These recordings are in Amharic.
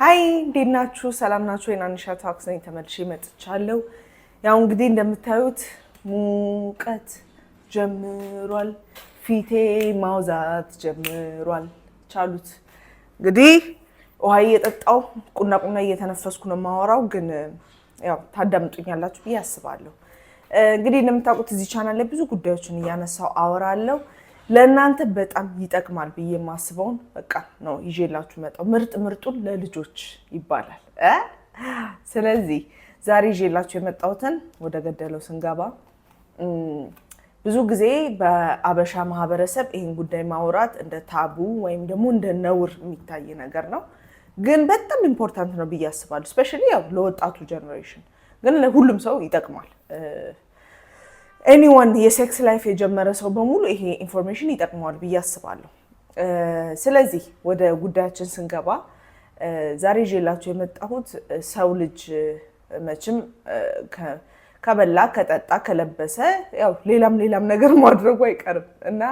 ሀይ እንዴት ናችሁ? ሰላም ናችሁ? የናንሻ ታክስ ነኝ። ተመልሼ መጥቻለሁ። ያው እንግዲህ እንደምታዩት ሙቀት ጀምሯል። ፊቴ ማውዛት ጀምሯል። ቻሉት እንግዲህ ውሃ እየጠጣው ቁና ቁና እየተነፈስኩ ነው የማወራው፣ ግን ያው ታዳምጡኛላችሁ ብዬ አስባለሁ። እንግዲህ እንደምታውቁት እዚህ ቻናል ላይ ብዙ ጉዳዮችን እያነሳው አወራለሁ። ለእናንተ በጣም ይጠቅማል ብዬ የማስበውን በቃ ነው ይዤላችሁ መጣው። ምርጥ ምርጡን ለልጆች ይባላል። ስለዚህ ዛሬ ይዤላችሁ የመጣሁትን ወደ ገደለው ስንገባ ብዙ ጊዜ በአበሻ ማህበረሰብ ይህን ጉዳይ ማውራት እንደ ታቡ ወይም ደግሞ እንደ ነውር የሚታይ ነገር ነው፣ ግን በጣም ኢምፖርታንት ነው ብዬ አስባለሁ። እስፔሻሊ ያው ለወጣቱ ጀኔሬሽን ግን ለሁሉም ሰው ይጠቅማል። ኤኒዋን የሴክስ ላይፍ የጀመረ ሰው በሙሉ ይሄ ኢንፎርሜሽን ይጠቅመዋል ብዬ አስባለሁ። ስለዚህ ወደ ጉዳያችን ስንገባ ዛሬ ይዤላችሁ የመጣሁት ሰው ልጅ መቼም ከበላ ከጠጣ ከለበሰ ያው ሌላም ሌላም ነገር ማድረጉ አይቀርም እና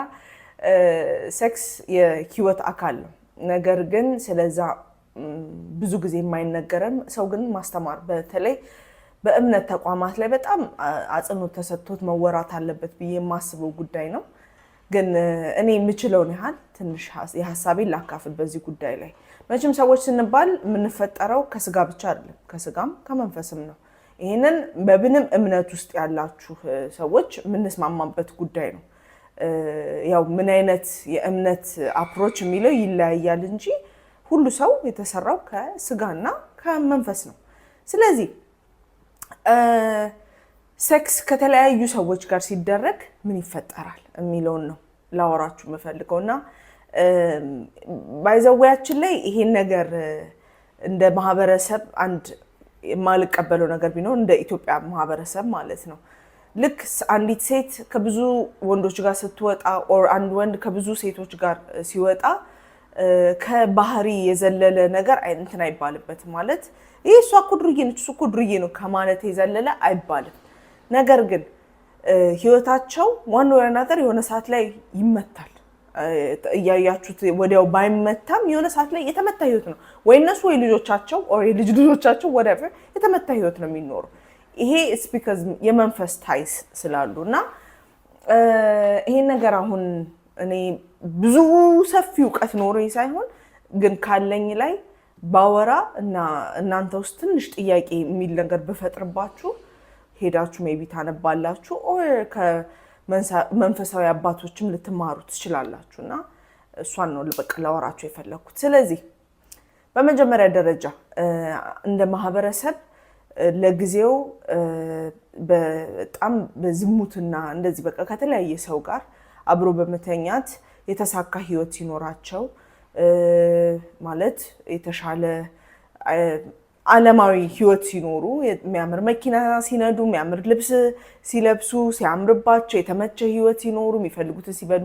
ሴክስ የህይወት አካል ነው። ነገር ግን ስለዛ ብዙ ጊዜ የማይነገረም ሰው ግን ማስተማር በተለይ በእምነት ተቋማት ላይ በጣም አጽንኦት ተሰጥቶት መወራት አለበት ብዬ የማስበው ጉዳይ ነው። ግን እኔ የምችለውን ያህል ትንሽ የሀሳቤን ላካፍል በዚህ ጉዳይ ላይ። መቼም ሰዎች ስንባል የምንፈጠረው ከስጋ ብቻ አይደለም፣ ከስጋም ከመንፈስም ነው። ይህንን በምንም እምነት ውስጥ ያላችሁ ሰዎች የምንስማማበት ጉዳይ ነው። ያው ምን አይነት የእምነት አፕሮች የሚለው ይለያያል እንጂ ሁሉ ሰው የተሰራው ከስጋና ከመንፈስ ነው። ስለዚህ ሰክስ ከተለያዩ ሰዎች ጋር ሲደረግ ምን ይፈጠራል የሚለውን ነው ላወራችሁ የምፈልገው እና ባይዘወያችን ላይ ይሄን ነገር እንደ ማህበረሰብ አንድ የማልቀበለው ነገር ቢኖር እንደ ኢትዮጵያ ማህበረሰብ ማለት ነው ልክ አንዲት ሴት ከብዙ ወንዶች ጋር ስትወጣ ኦር አንድ ወንድ ከብዙ ሴቶች ጋር ሲወጣ ከባህሪ የዘለለ ነገር እንትን አይባልበትም ማለት ይህ እሷ እኮ ዱርዬ ነች፣ እሱ እኮ ዱርዬ ነው ከማለት የዘለለ አይባልም። ነገር ግን ህይወታቸው ዋናው ነገር የሆነ ሰዓት ላይ ይመታል። እያያችሁት ወዲያው ባይመታም የሆነ ሰዓት ላይ የተመታ ህይወት ነው ወይ እነሱ ወይ ልጆቻቸው የልጅ ልጆቻቸው ወደፊት የተመታ ህይወት ነው የሚኖሩ። ይሄ ስፒከርዝ የመንፈስ ታይስ ስላሉ እና ይሄን ነገር አሁን እኔ ብዙ ሰፊ እውቀት ኖሮ ሳይሆን ግን ካለኝ ላይ ባወራ እና እናንተ ውስጥ ትንሽ ጥያቄ የሚል ነገር ብፈጥርባችሁ ሄዳችሁ ቢ ታነባላችሁ፣ ከመንፈሳዊ አባቶችም ልትማሩ ትችላላችሁ። እና እሷን ነው በቃ ላወራችሁ የፈለግኩት። ስለዚህ በመጀመሪያ ደረጃ እንደ ማህበረሰብ ለጊዜው በጣም በዝሙትና እንደዚህ በቃ ከተለያየ ሰው ጋር አብሮ በመተኛት የተሳካ ህይወት ሲኖራቸው ማለት የተሻለ አለማዊ ህይወት ሲኖሩ የሚያምር መኪና ሲነዱ፣ የሚያምር ልብስ ሲለብሱ፣ ሲያምርባቸው፣ የተመቸ ህይወት ሲኖሩ፣ የሚፈልጉትን ሲበሉ፣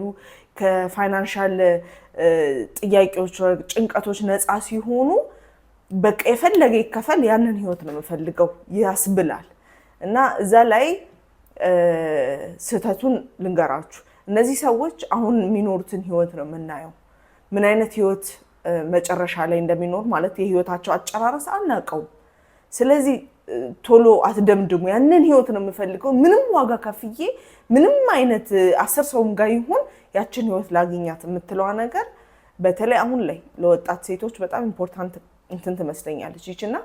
ከፋይናንሻል ጥያቄዎች፣ ጭንቀቶች ነፃ ሲሆኑ በቃ የፈለገ ይከፈል ያንን ህይወት ነው የምፈልገው ያስብላል። እና እዛ ላይ ስህተቱን ልንገራችሁ፣ እነዚህ ሰዎች አሁን የሚኖሩትን ህይወት ነው የምናየው ምን አይነት ህይወት መጨረሻ ላይ እንደሚኖር ማለት የህይወታቸው አጨራረስ አናውቀውም። ስለዚህ ቶሎ አትደምድሙ። ያንን ህይወት ነው የምፈልገው፣ ምንም ዋጋ ከፍዬ ምንም አይነት አስር ሰውም ጋር ይሁን ያችን ህይወት ላግኛት የምትለዋ ነገር በተለይ አሁን ላይ ለወጣት ሴቶች በጣም ኢምፖርታንት እንትን ትመስለኛለች ይች እና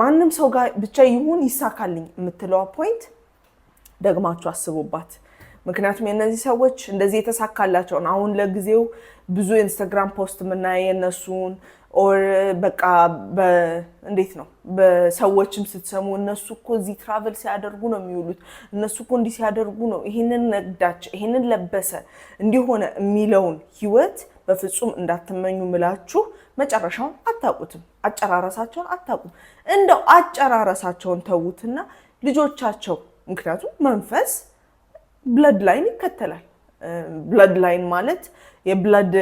ማንም ሰው ጋር ብቻ ይሁን ይሳካልኝ የምትለዋ ፖይንት ደግማችሁ አስቡባት። ምክንያቱም የእነዚህ ሰዎች እንደዚህ የተሳካላቸውን አሁን ለጊዜው ብዙ ኢንስታግራም ፖስት የምናየ የእነሱን ኦር በቃ እንዴት ነው በሰዎችም ስትሰሙ እነሱ እኮ እዚህ ትራቨል ሲያደርጉ ነው የሚውሉት፣ እነሱ እኮ እንዲህ ሲያደርጉ ነው፣ ይህንን ነግዳቸው፣ ይህንን ለበሰ እንዲሆነ የሚለውን ህይወት በፍጹም እንዳትመኙ ምላችሁ መጨረሻውን አታውቁትም። አጨራረሳቸውን አታውቁም። እንደው አጨራረሳቸውን ተዉትና ልጆቻቸው ምክንያቱም መንፈስ ብለድ ላይን ይከተላል። ብለድ ላይን ማለት የብለድ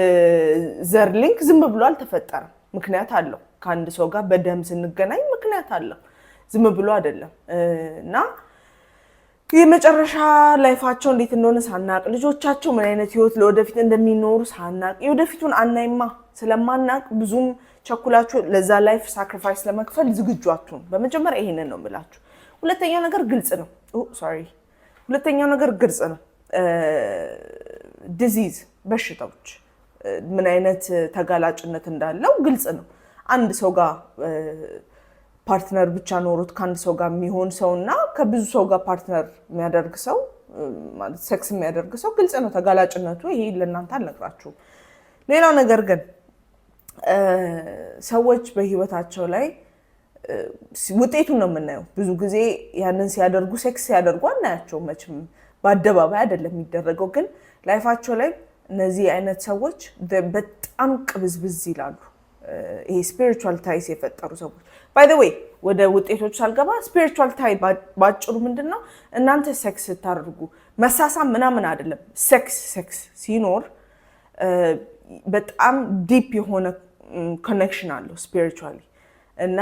ዘር ሊንክ ዝም ብሎ አልተፈጠረም። ምክንያት አለው። ከአንድ ሰው ጋር በደም ስንገናኝ ምክንያት አለው። ዝም ብሎ አይደለም እና የመጨረሻ ላይፋቸው እንዴት እንደሆነ ሳናቅ፣ ልጆቻቸው ምን አይነት ህይወት ለወደፊት እንደሚኖሩ ሳናቅ፣ የወደፊቱን አናይማ ስለማናቅ ብዙም ቸኩላችሁ ለዛ ላይፍ ሳክሪፋይስ ለመክፈል ዝግጁ በመጀመሪያ ይሄንን ነው የምላችሁ። ሁለተኛ ነገር ግልጽ ነው ሶሪ ሁለተኛው ነገር ግልጽ ነው። ዲዚዝ በሽታዎች ምን አይነት ተጋላጭነት እንዳለው ግልጽ ነው። አንድ ሰው ጋር ፓርትነር ብቻ ኖሮት ከአንድ ሰው ጋር የሚሆን ሰው እና ከብዙ ሰው ጋር ፓርትነር የሚያደርግ ሰው ማለት ሴክስ የሚያደርግ ሰው ግልጽ ነው ተጋላጭነቱ። ይሄ ለእናንተ አልነግራችሁም። ሌላው ነገር ግን ሰዎች በህይወታቸው ላይ ውጤቱን ነው የምናየው። ብዙ ጊዜ ያንን ሲያደርጉ ሴክስ ሲያደርጉ አናያቸው መቼም በአደባባይ አይደለም የሚደረገው፣ ግን ላይፋቸው ላይ እነዚህ አይነት ሰዎች በጣም ቅብዝብዝ ይላሉ። ይሄ ስፒሪቹዋል ታይስ የፈጠሩ ሰዎች ባይ ዘ ዌይ ወደ ውጤቶች ሳልገባ ስፒሪቹዋል ታይ ባጭሩ ምንድን ነው? እናንተ ሴክስ ስታደርጉ መሳሳም ምናምን አይደለም። ሴክስ ሴክስ ሲኖር በጣም ዲፕ የሆነ ኮኔክሽን አለው ስፒሪቹዋሊ እና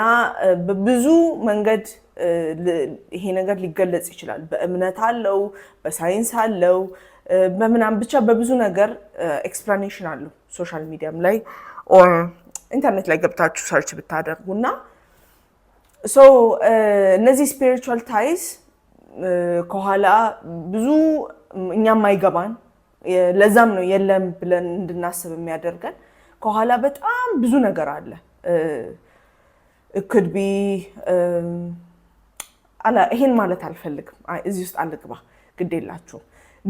በብዙ መንገድ ይሄ ነገር ሊገለጽ ይችላል። በእምነት አለው፣ በሳይንስ አለው፣ በምናም ብቻ በብዙ ነገር ኤክስፕላኔሽን አለው። ሶሻል ሚዲያም ላይ ኢንተርኔት ላይ ገብታችሁ ሰርች ብታደርጉ እና እነዚህ ስፒሪቹዋል ታይስ ከኋላ ብዙ እኛም ማይገባን ለዛም ነው የለም ብለን እንድናስብ የሚያደርገን ከኋላ በጣም ብዙ ነገር አለ። እክድቢ um, ይሄን ማለት አልፈልግም፣ እዚህ ውስጥ አልግባ፣ ግድ የላችሁም።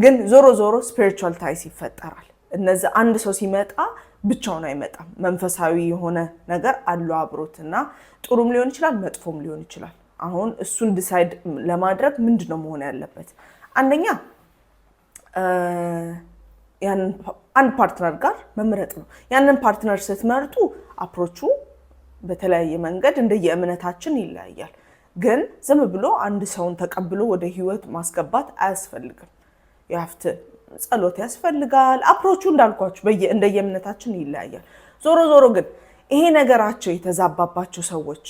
ግን ዞሮ ዞሮ ስፒሪቹዋል ታይስ ይፈጠራል። እነዚህ አንድ ሰው ሲመጣ ብቻውን አይመጣም። መንፈሳዊ የሆነ ነገር አሉ አብሮት እና ጥሩም ሊሆን ይችላል፣ መጥፎም ሊሆን ይችላል። አሁን እሱን ዲሳይድ ለማድረግ ምንድን ነው መሆን ያለበት? አንደኛ አንድ ፓርትነር ጋር መምረጥ ነው። ያንን ፓርትነር ስትመርጡ አፕሮቹ በተለያየ መንገድ እንደየእምነታችን ይለያያል። ግን ዝም ብሎ አንድ ሰውን ተቀብሎ ወደ ህይወት ማስገባት አያስፈልግም። የሀፍት ጸሎት ያስፈልጋል። አፕሮቹ እንዳልኳችሁ እንደየእምነታችን ይለያያል። ዞሮ ዞሮ ግን ይሄ ነገራቸው የተዛባባቸው ሰዎች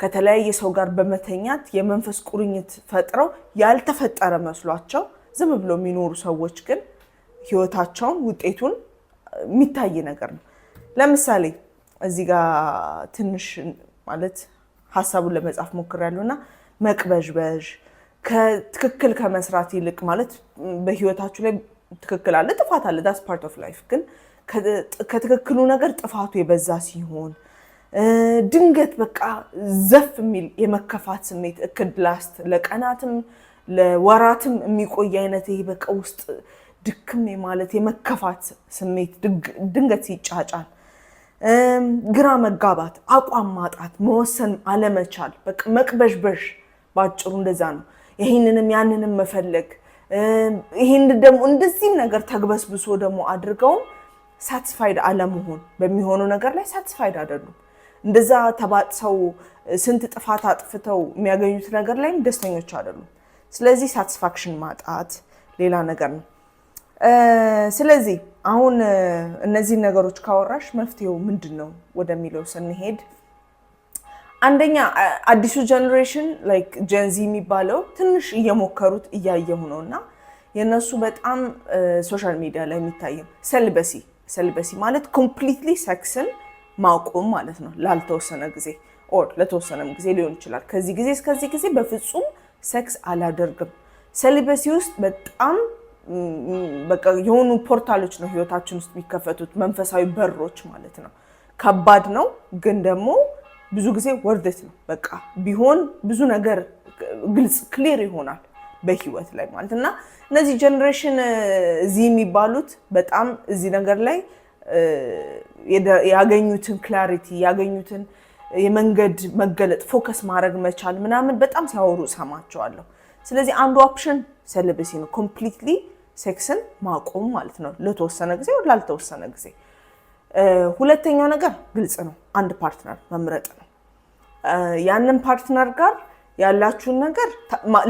ከተለያየ ሰው ጋር በመተኛት የመንፈስ ቁርኝት ፈጥረው ያልተፈጠረ መስሏቸው ዝም ብሎ የሚኖሩ ሰዎች ግን ህይወታቸውን ውጤቱን የሚታይ ነገር ነው። ለምሳሌ እዚህ ጋር ትንሽ ማለት ሀሳቡን ለመጻፍ ሞክሬያለሁ እና መቅበዥበዥ ከትክክል ከመስራት ይልቅ ማለት በህይወታችሁ ላይ ትክክል አለ፣ ጥፋት አለ። ዳስ ፓርት ኦፍ ላይፍ ግን ከትክክሉ ነገር ጥፋቱ የበዛ ሲሆን ድንገት በቃ ዘፍ የሚል የመከፋት ስሜት እክድ ላስት ለቀናትም ለወራትም የሚቆይ አይነት ይሄ በቃ ውስጥ ድክም ማለት የመከፋት ስሜት ድንገት ይጫጫል። ግራ መጋባት፣ አቋም ማጣት፣ መወሰን አለመቻል፣ በቃ መቅበሽበሽ፣ ባጭሩ እንደዛ ነው። ይህንንም ያንንም መፈለግ ይህን ደግሞ እንደዚህም ነገር ተግበስብሶ ደግሞ አድርገውም ሳትስፋይድ አለመሆን በሚሆነው ነገር ላይ ሳትስፋይድ አይደሉም። እንደዛ ተባጥሰው ስንት ጥፋት አጥፍተው የሚያገኙት ነገር ላይም ደስተኞች አይደሉም። ስለዚህ ሳትስፋክሽን ማጣት ሌላ ነገር ነው። ስለዚህ አሁን እነዚህን ነገሮች ካወራሽ መፍትሄው ምንድን ነው ወደሚለው ስንሄድ አንደኛ አዲሱ ጀኔሬሽን ላይክ ጀንዚ የሚባለው ትንሽ እየሞከሩት እያየሁ ነው እና የእነሱ በጣም ሶሻል ሚዲያ ላይ የሚታየው ሰልበሲ ሰልበሲ ማለት ኮምፕሊትሊ ሰክስን ማቆም ማለት ነው። ላልተወሰነ ጊዜ ኦር ለተወሰነም ጊዜ ሊሆን ይችላል። ከዚህ ጊዜ እስከዚህ ጊዜ በፍጹም ሰክስ አላደርግም። ሰልበሲ ውስጥ በጣም በቃ የሆኑ ፖርታሎች ነው ህይወታችን ውስጥ የሚከፈቱት መንፈሳዊ በሮች ማለት ነው። ከባድ ነው ግን ደግሞ ብዙ ጊዜ ወርደት ነው። በቃ ቢሆን ብዙ ነገር ግልጽ ክሊር ይሆናል በህይወት ላይ ማለት እና እነዚህ ጀኔሬሽን እዚህ የሚባሉት በጣም እዚህ ነገር ላይ ያገኙትን ክላሪቲ ያገኙትን የመንገድ መገለጥ ፎከስ ማድረግ መቻል ምናምን በጣም ሲያወሩ ሰማቸዋለሁ። ስለዚህ አንዱ ኦፕሽን ሴሌብሲ ነው ኮምፕሊትሊ ሴክስን ማቆም ማለት ነው፣ ለተወሰነ ጊዜ ላልተወሰነ ጊዜ። ሁለተኛው ነገር ግልጽ ነው፣ አንድ ፓርትነር መምረጥ ነው። ያንን ፓርትነር ጋር ያላችሁን ነገር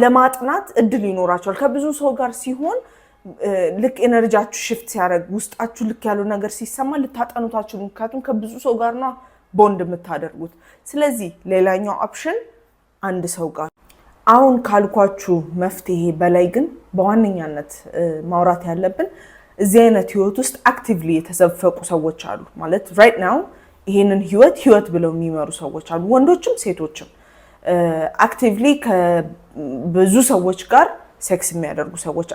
ለማጥናት እድል ይኖራቸዋል። ከብዙ ሰው ጋር ሲሆን ልክ ኤነርጂያችሁ ሽፍት ሲያደርግ ውስጣችሁ ልክ ያለው ነገር ሲሰማ ልታጠኑታችሁ፣ ምክንያቱም ከብዙ ሰው ጋር ነው ቦንድ የምታደርጉት። ስለዚህ ሌላኛው ኦፕሽን አንድ ሰው ጋር አሁን ካልኳችሁ መፍትሄ በላይ ግን በዋነኛነት ማውራት ያለብን እዚህ አይነት ህይወት ውስጥ አክቲቭሊ የተዘፈቁ ሰዎች አሉ። ማለት ራይት ናው ይሄንን ህይወት ህይወት ብለው የሚመሩ ሰዎች አሉ፣ ወንዶችም ሴቶችም አክቲቭሊ ከብዙ ሰዎች ጋር ሴክስ የሚያደርጉ ሰዎች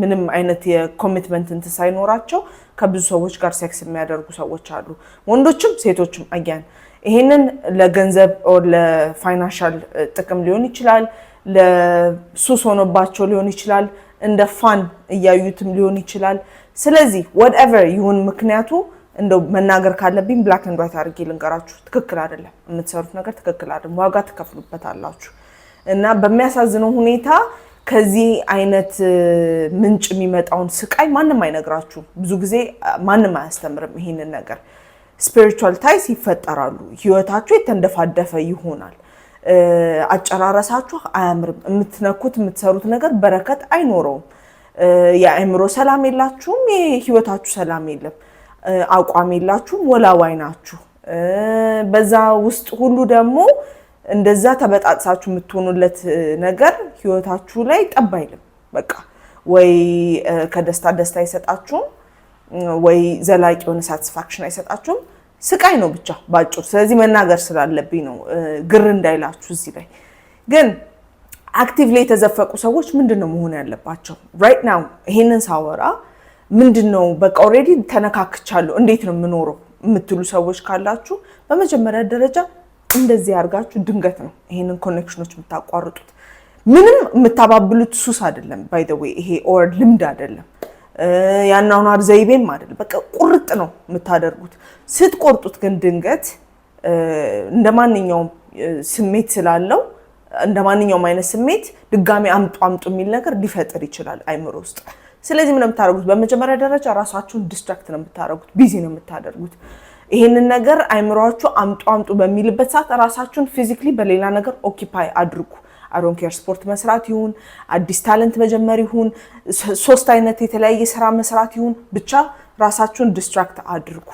ምንም አይነት የኮሚትመንት እንትን ሳይኖራቸው ከብዙ ሰዎች ጋር ሴክስ የሚያደርጉ ሰዎች አሉ፣ ወንዶችም ሴቶችም። አያን ይሄንን ለገንዘብ ኦር ለፋይናንሻል ጥቅም ሊሆን ይችላል ለሱስ ሆኖባቸው ሊሆን ይችላል። እንደ ፋን እያዩትም ሊሆን ይችላል። ስለዚህ ወትኤቨር ይሁን ምክንያቱ እንደው መናገር ካለብኝ ብላክ ኤንድ ዋይት አድርጌ ልንገራችሁ፣ ትክክል አይደለም። የምትሰሩት ነገር ትክክል አይደለም። ዋጋ ትከፍሉበት አላችሁ እና በሚያሳዝነው ሁኔታ ከዚህ አይነት ምንጭ የሚመጣውን ስቃይ ማንም አይነግራችሁም። ብዙ ጊዜ ማንም አያስተምርም ይሄንን ነገር። ስፒሪቹዋል ታይስ ይፈጠራሉ። ህይወታችሁ የተንደፋደፈ ይሆናል። አጨራረሳችሁ አያምርም። የምትነኩት የምትሰሩት ነገር በረከት አይኖረውም። የአእምሮ ሰላም የላችሁም። የህይወታችሁ ሰላም የለም። አቋም የላችሁም። ወላዋይ ናችሁ። በዛ ውስጥ ሁሉ ደግሞ እንደዛ ተበጣጥሳችሁ የምትሆኑለት ነገር ህይወታችሁ ላይ ጠብ አይልም። በቃ ወይ ከደስታ ደስታ አይሰጣችሁም፣ ወይ ዘላቂ የሆነ ሳቲስፋክሽን አይሰጣችሁም። ስቃይ ነው ብቻ ባጭሩ። ስለዚህ መናገር ስላለብኝ ነው፣ ግር እንዳይላችሁ። እዚህ ላይ ግን አክቲቭሊ የተዘፈቁ ሰዎች ምንድን ነው መሆን ያለባቸው? ራይት ናው ይሄንን ሳወራ ምንድን ነው በቃ ኦልሬዲ ተነካክቻለሁ፣ እንዴት ነው የምኖረው የምትሉ ሰዎች ካላችሁ በመጀመሪያ ደረጃ እንደዚህ ያርጋችሁ። ድንገት ነው ይሄንን ኮኔክሽኖች የምታቋርጡት። ምንም የምታባብሉት ሱስ አይደለም፣ ባይ ዘ ዌይ ይሄ ኦር ልምድ አይደለም። ያኗኗር ዘይቤም አይደል። በቃ ቁርጥ ነው የምታደርጉት። ስትቆርጡት ግን ድንገት እንደ ማንኛውም ስሜት ስላለው እንደ ማንኛውም አይነት ስሜት ድጋሚ አምጡ አምጡ የሚል ነገር ሊፈጥር ይችላል አይምሮ ውስጥ። ስለዚህ ምን የምታደርጉት በመጀመሪያ ደረጃ ራሳችሁን ዲስትራክት ነው የምታደርጉት፣ ቢዚ ነው የምታደርጉት። ይሄንን ነገር አይምሯችሁ አምጡ አምጡ በሚልበት ሰዓት ራሳችሁን ፊዚክሊ በሌላ ነገር ኦኪፓይ አድርጉ። አሮንኬር ስፖርት መስራት ይሁን አዲስ ታለንት መጀመር ይሁን ሶስት አይነት የተለያየ ስራ መስራት ይሁን ብቻ ራሳችሁን ዲስትራክት አድርጉ።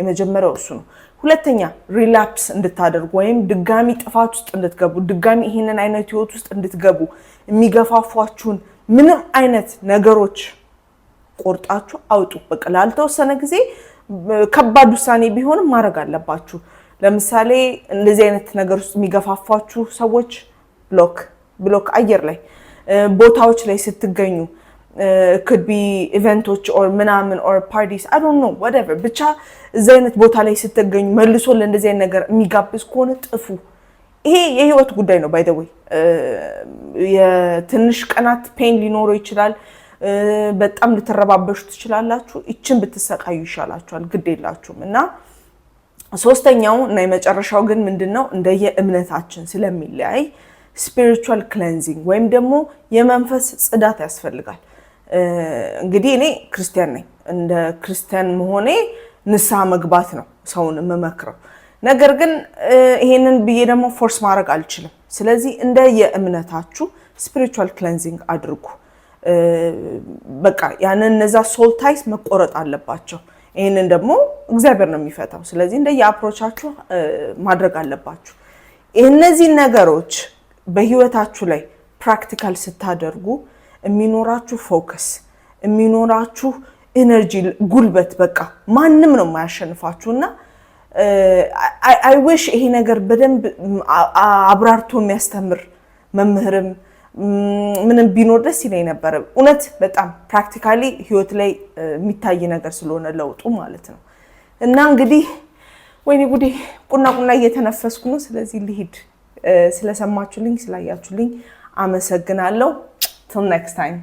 የመጀመሪያው እሱ ነው። ሁለተኛ ሪላፕስ እንድታደርጉ ወይም ድጋሚ ጥፋት ውስጥ እንድትገቡ ድጋሚ ይህንን አይነት ህይወት ውስጥ እንድትገቡ የሚገፋፏችሁን ምንም አይነት ነገሮች ቆርጣችሁ አውጡ። በቃ ላልተወሰነ ጊዜ ከባድ ውሳኔ ቢሆንም ማድረግ አለባችሁ። ለምሳሌ እንደዚህ አይነት ነገር ውስጥ የሚገፋፏችሁ ሰዎች ብሎክ ብሎክ አየር ላይ ቦታዎች ላይ ስትገኙ ክድ ቢ ኢቨንቶች ኦር ምናምን ኦር ፓርቲስ አይ ዶንት ኖ ወደቨር ብቻ እዚህ አይነት ቦታ ላይ ስትገኙ መልሶ ለእንደዚህ አይነት ነገር የሚጋብዝ ከሆነ ጥፉ። ይሄ የህይወት ጉዳይ ነው። ባይ ዘ ወይ የትንሽ ቀናት ፔን ሊኖረው ይችላል። በጣም ልትረባበሹ ትችላላችሁ። ይችን ብትሰቃዩ ይሻላችኋል። ግድ የላችሁም እና ሶስተኛው እና የመጨረሻው ግን ምንድን ነው እንደየ እምነታችን ስለሚለያይ ስፒሪቹዋል ክለንዚንግ ወይም ደግሞ የመንፈስ ጽዳት ያስፈልጋል። እንግዲህ እኔ ክርስቲያን ነኝ። እንደ ክርስቲያን መሆኔ ንስሐ መግባት ነው ሰውን የምመክረው። ነገር ግን ይሄንን ብዬ ደግሞ ፎርስ ማድረግ አልችልም። ስለዚህ እንደ የእምነታችሁ ስፒሪቹዋል ክለንዚንግ አድርጉ። በቃ ያንን እነዛ ሶል ታይስ መቆረጥ አለባቸው። ይህንን ደግሞ እግዚአብሔር ነው የሚፈታው። ስለዚህ እንደ የአፕሮቻችሁ ማድረግ አለባችሁ እነዚህን ነገሮች በህይወታችሁ ላይ ፕራክቲካል ስታደርጉ የሚኖራችሁ ፎከስ የሚኖራችሁ ኢነርጂ ጉልበት፣ በቃ ማንም ነው የማያሸንፋችሁ። እና አይወሽ ይሄ ነገር በደንብ አብራርቶ የሚያስተምር መምህርም ምንም ቢኖር ደስ ይለኝ ነበረ። እውነት በጣም ፕራክቲካሊ ህይወት ላይ የሚታይ ነገር ስለሆነ ለውጡ ማለት ነው። እና እንግዲህ ወይኔ ጉዴ ቁና ቁና እየተነፈስኩ ነው። ስለዚህ ልሂድ። ስለሰማችሁልኝ ስላያችሁልኝ አመሰግናለሁ። ቲል ኔክስት ታይም